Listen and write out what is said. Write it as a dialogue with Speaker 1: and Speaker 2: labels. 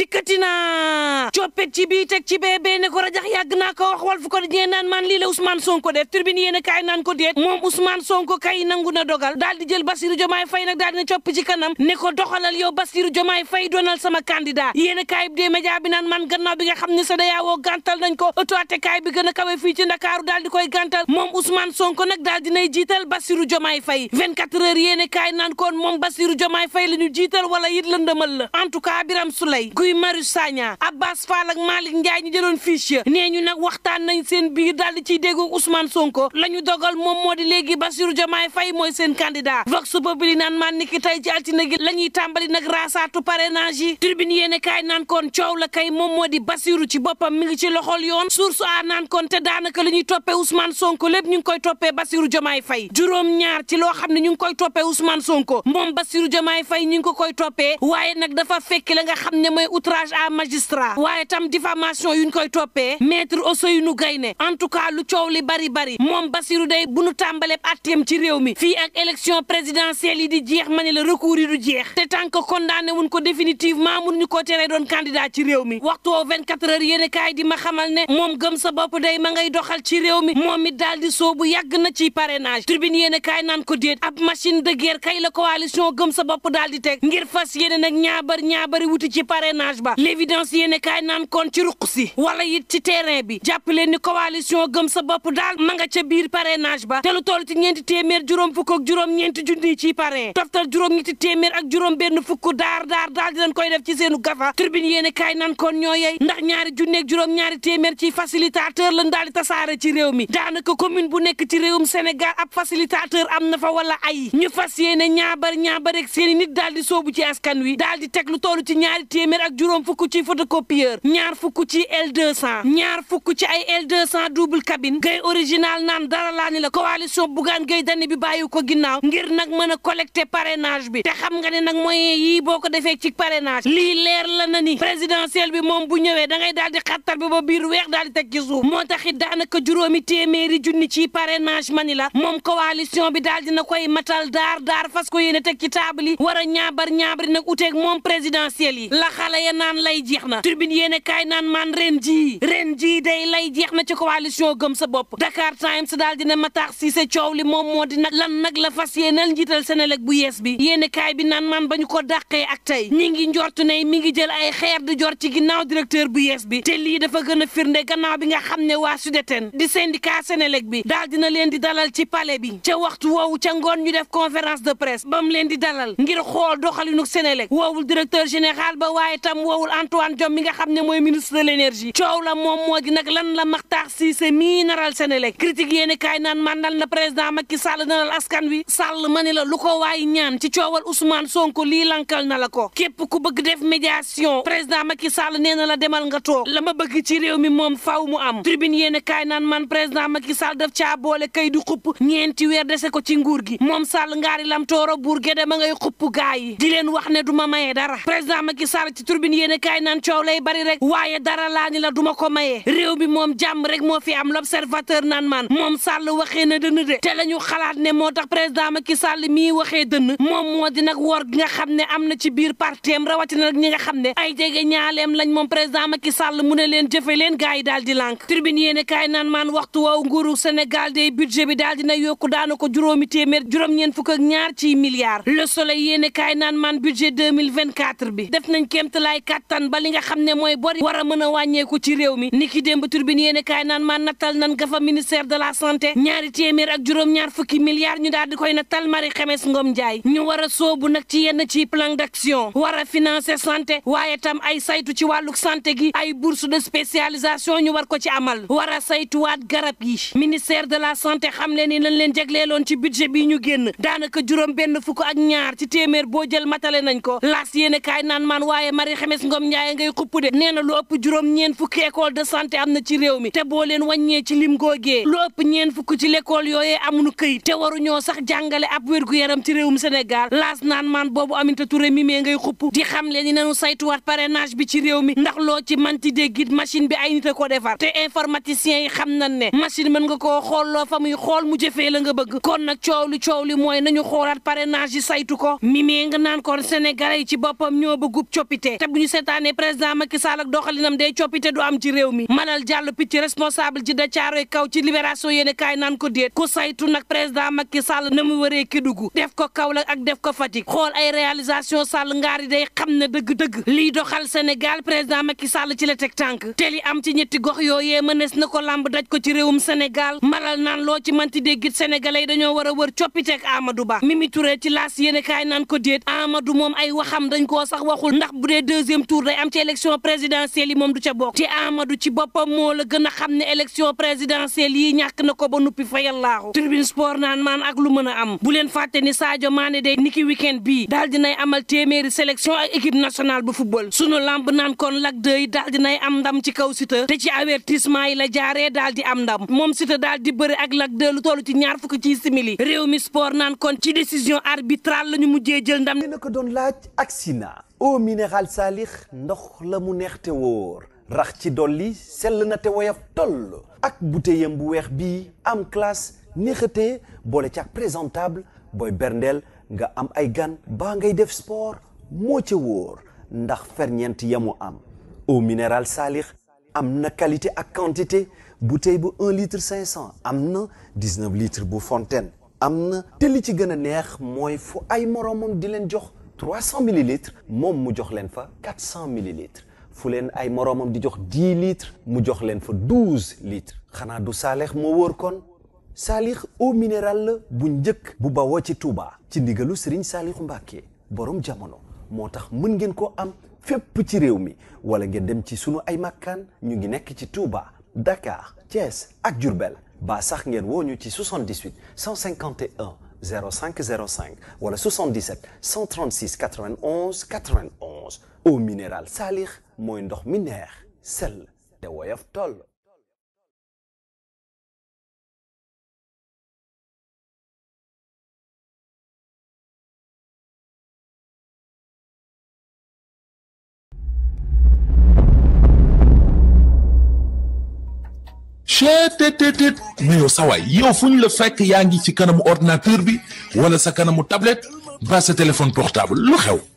Speaker 1: dikkati naa coppet ci bii teg ci bee bee ne ko rajax yàgg naa ko wax Walf Quotidien naan man lii la Ousmane Sonko def Tribune yéen kaay naan ko déet moom Ousmane Sonko kay nangu na dogal daal di jël Bassirou Diomaye Faye nag daal dina copp ci kanam ne ko doxalal yow Bassirou Diomaye Faye doonal sama candidat yéen kaay bi dee média bi naan man gannaaw bi nga xam ne sa dayaawoo gàntal nañ ko autoatekaay bi gën a kawe fii ci Ndakaaru daal di koy gàntal moom Ousmane Sonko nag daal dinay jiital Bassirou Diomaye Faye 24 heures yéen kaay naan koon moom Bassirou Diomaye Faye la ñu jiital wala it lëndëmal la en tout cas Birame Souleye Guy Marius Sagna Abbas Fall ak Malick Ndiaye ñu jëloon fiche nee ñu nag waxtaan nañ seen biir daal di ciy déggoo Ousmane Sonko la ñu dogal moom moo di léegi Bassirou Diomaye fay mooy seen candidat Vox Populi naan maan ni ki tey ci altine gi la ñuy tàmbali nag raasaatu parrainage yi tribune yéene kaay naan kon coow la kay moom moo di Bassirou ci boppam mi ngi ci loxol yoon source a naan kon te daanaka li ñuy toppee Ousmane Sonko lépp ñu ngi koy toppee Bassirou Diomaye fay juróom-ñaar ci loo xam ne ñu ngi koy toppee Ousmane Sonko moom Bassirou Diomaye Faye ñu ngi ko koy toppee waaye nag dafa fekk la nga xam ne mooy outrage à magistrat waaye waaye tam yu yuñ koy toppee maître Ousseynou Gaye en tout cas lu coow li bari bari moom Bassirou day bu nu tàmbalee atteem ci réew mi fii ak élection présidentielle yi di jeex ma ni la recours yi du jeex te tant que condamné wuñ ko définitivement mënuñu ko teree doon candidat ci réew mi waxtu woo 24 heures yéen kaay di ma xamal ne moom gëm sa bopp day ma ngay doxal ci réew mi moom mi daal di soobu yàgg na ci parrainage tribune yéen kaay naan ko déet ab machine de guerre kay la coalition gëm sa bopp daal di teg ngir fas yéene nag ñaabar ñaabari wuti ci parrainage ba l'évidence yéen kaay naan kon ci ruq si wala it ci terrain bi jàpp leen ni coalition gëm sa bopp daal biir parrainage ba te lu toll ci ñeenti téeméer juróom fukk ak juróom ñeenti junni ci parrain toftal juróom ñetti téeméer ak juróom benn fukk daar daar daal di leen koy def ci seenu gafa turbine yéene kaay naan kon ñoo yey ndax ñaari junneeg juróom ñaari téeméer ci facilitateur lañ daal di tasaare ci réew mi daanaka commune bu nekk ci réewum Sénégal am na fa wala ay ñu fas yéene ñaabar ñaabar ak seeni nit daal di soobu ci askan wi daal di teg lu ci ñaari téeméer ak juróom fukk ci ñaar fukk ci L200 ñaar fukk ci ay L200 double cabine ngay original naan dara laa ni la coalition Bougane Gueye Dany bi bàyyi ko ginnaaw ngir nag mën a collecter parrainage bi te xam nga ne nag moyen yii boo ko defee ci parenage lii leer la na ni présidentielle bi moom bu ñëwee da ngay daal di xattar bi ba biir weex daal di teg ci suuf moo taxit daanaka juróomi téeméeri junni ci parrainage mani la moom coalition bi daal dina koy matal daar daar fas ko yéene teg ci taabal yi war a ñaabar ñaabari nag uteeg moom présidentielle yi la xale ya lay jeex na turbine yéene kaay naan man ren jii ren jii day jeex na ci coalition gëm sa bopp Dakar Times daal dina mataax Cissé coow li moom moo di nag lan nag la fas yéenal njiital Senelec bu yees bi yéen kaay bi naan man ba ñu ko dàqee ak tey ñi ngi njortu ne mi ngi jël ay xeer di jor ci ginnaaw directeur bu yees bi te lii dafa gën a firnde gannaaw bi nga xam ne waa sudeteen di syndicat Senelec bi daal dina leen di dalal ci pale bi ca waxtu woowu ca ngoon ñu def conférence de presse ba mu leen di dalal ngir xool doxalinu Senelec woowul directeur général ba waaye tam woowul Antoine Diome mi nga xam ne mooy ministre de l'énergie la moom moo nag lan la Makhtar Cissé mii naral Senelec critique yéeni kaay naan mandal na président Macky Sall naral askan wi Sall ma ni la lu ko waay ñaan ci coowal Ousmane Sonko lii lankal na la ko képp ku bëgg def médiation président Macky Sall nee na la demal nga toog la ma bëgg ci réew mi moom faw mu am tribune yéeni kaay naan man président Macky Sall daf caa boole kay du xupp ñeenti weer dese ko ci nguur gi moom Sall ngaari lam tooro buur gede ma ngay xupp gaa yi di leen wax ne du ma maye dara président Macky Sall ci tribune yéeni kaay naan lay bari rek waaye dara laa la duma ko maye jàmm rek moo fi am l'observateur naan maan moom Sall waxee na dënn de te la ñu xalaat ne moo tax président Macky Sall mii waxee dënn moom moo di nag wor gi nga xam ne am na ci biir parteem rawatina ñi nga xam ne ay jege ñaaleem lañ moom président Macky sàll mu ne leen jëfe leen gars yi daal di lànk tribune yéene naan maan waxtu woowu nguuru Sénégal day budget bi daal dina yokku daana ko juróomi téeméer juróom-ñeen fukk ak ñaar ci milliards le soleil yéene kaay naan maan budget 2024 bi def nañ kéemtalaay kàttan ba li nga xam ne mooy bori war mën a wàññeeku ci réew mi niki démb turbine yéen kaay naan maa nattal nan ga fa ministère de la santé ñaari téeméer ak juróom-ñaar fukki milliards ñu daal di koy nattal Marie Khemesse Ngom Ndiaye ñu war a soobu nag ci yenn ci plan d'action war a financer santé waaye tam ay saytu ci wàllu santé gi ay bourse de spécialisation ñu war ko ci amal war a saytuwaat garab yi ministère de la santé xam leen ni lañ leen jegleeloon ci budget bi ñu génn daanaka juróom benn fukk ak ñaar ci téeméer boo jël matale nañ ko laas yéen kaay naan maan waaye Marie Khemesse Ngom Ndiaye ngay xupp de nee na lu ëpp juróom ñeen fukki école de santé am na ci réew mi te boo leen wàññee ci lim googee lu ëpp ñeen fukk ci l'école yooyee amuñu këyit te waruñoo sax jàngale ab wér-gu-yaram ci réewum Sénégal laas naan maan boobu Aminata ture mi mee ngay xupp di xam leen ni nanu saytuwaat parrainage bi ci réew mi ndax loo ci manti déggit machine bi ay nit a ko defar te informaticiens yi xam nañ ne machine mën nga koo xoolloo fa muy xool mu jëfee la nga bëgg kon nag coow li coow li mooy nañu xoolaat parrainage yi saytu ko mi mee nga naan kon yi ci boppam ñoo bëggub coppite te bu ñu seetaanee président Macky Sall ak doxalinam day coppite du am ci réew mi picc responsable ci da caaroy kaw ci libération yéene kaay naan ko déet ku saytu nag président Macky Sall na mu waree def ko Kaolack ak def ko Fatick xool ay réalisation Sall ngaar yi xam ne dëgg-dëgg lii doxal Sénégal président Macky Sall ci la teg tànk te li am ci ñetti gox yooyee mënees na ko lamb daj ko ci réewum Sénégal maral naan loo ci manti déggit sénégalais yi dañoo war a wër coppiteeg Amadou Ba Mimi Touré ci laas yéene kaay naan ko déet Amadou moom ay waxam dañ koo sax waxul ndax bu dee deuxième tour day am ci élection présidentielle moom du ca bokk ci Amadou ci boppam moo la gën a xam ne élection présidentielle yi ñàkk na ko ba nuppi fayal laaxu tribune sport naan maan ak lu mën a am bu leen fàtte ni Sadio maane day niki week-end bii daal dinay amal téeméeri sélection ak équipe nationale ba football sunu lamb naan kon lak yi daal dinay am ndam ci kaw Siteu te ci avertissement yi la jaaree daal di am ndam moom Siteu daal di bëri ak lak dëy lu toll ci ñaar fukki ci simili réew mi sport naan kon ci décision arbitrale la ñu mujjee jël ndam. dina ko doon laaj ak
Speaker 2: sina eau minérale saalix ndox la mu neex te rax ci dolli sell na te woyof toll ak bouteillam bu weex bii am classe néexatee boole ca présentable booy berndeel nga am ay gan baa ngay def sport moo ca wóor ndax ferñeent yamu am eau minérale saalix am na qualité ak quantité bouteille bu 1 litre cent am na 19 litre bu fontaine am na te li ci gën a neex mooy fu ay morom di leen jox 300 millilitres moom mu jox leen fa 400 millilitres fu leen ay moroomam di jox 10 litres mu jox leen fa 12 litres xanaa du saaleex moo wóor kon saalix eau minéral la bu njëkk bu bawoo ci Touba ci ndigalu Serigne Saalixu Mbàkke boroom jamono moo tax mën ngeen ko am fépp ci réew mi wala ngeen dem ci sunu ay makkaan ñu ngi nekk ci Touba Dakar Thiès ak jurbel ba sax ngeen woo ñu ci 78 151 05 05 wala 77 136 91 91 eau minéral saalix mooy ndox mi neex sell te woyof yow sa waay yow fu ñu la fekk yaa ngi ci kanamu ordinateur bi wala sa kanamu tablette ba sa téléphone portable lu xew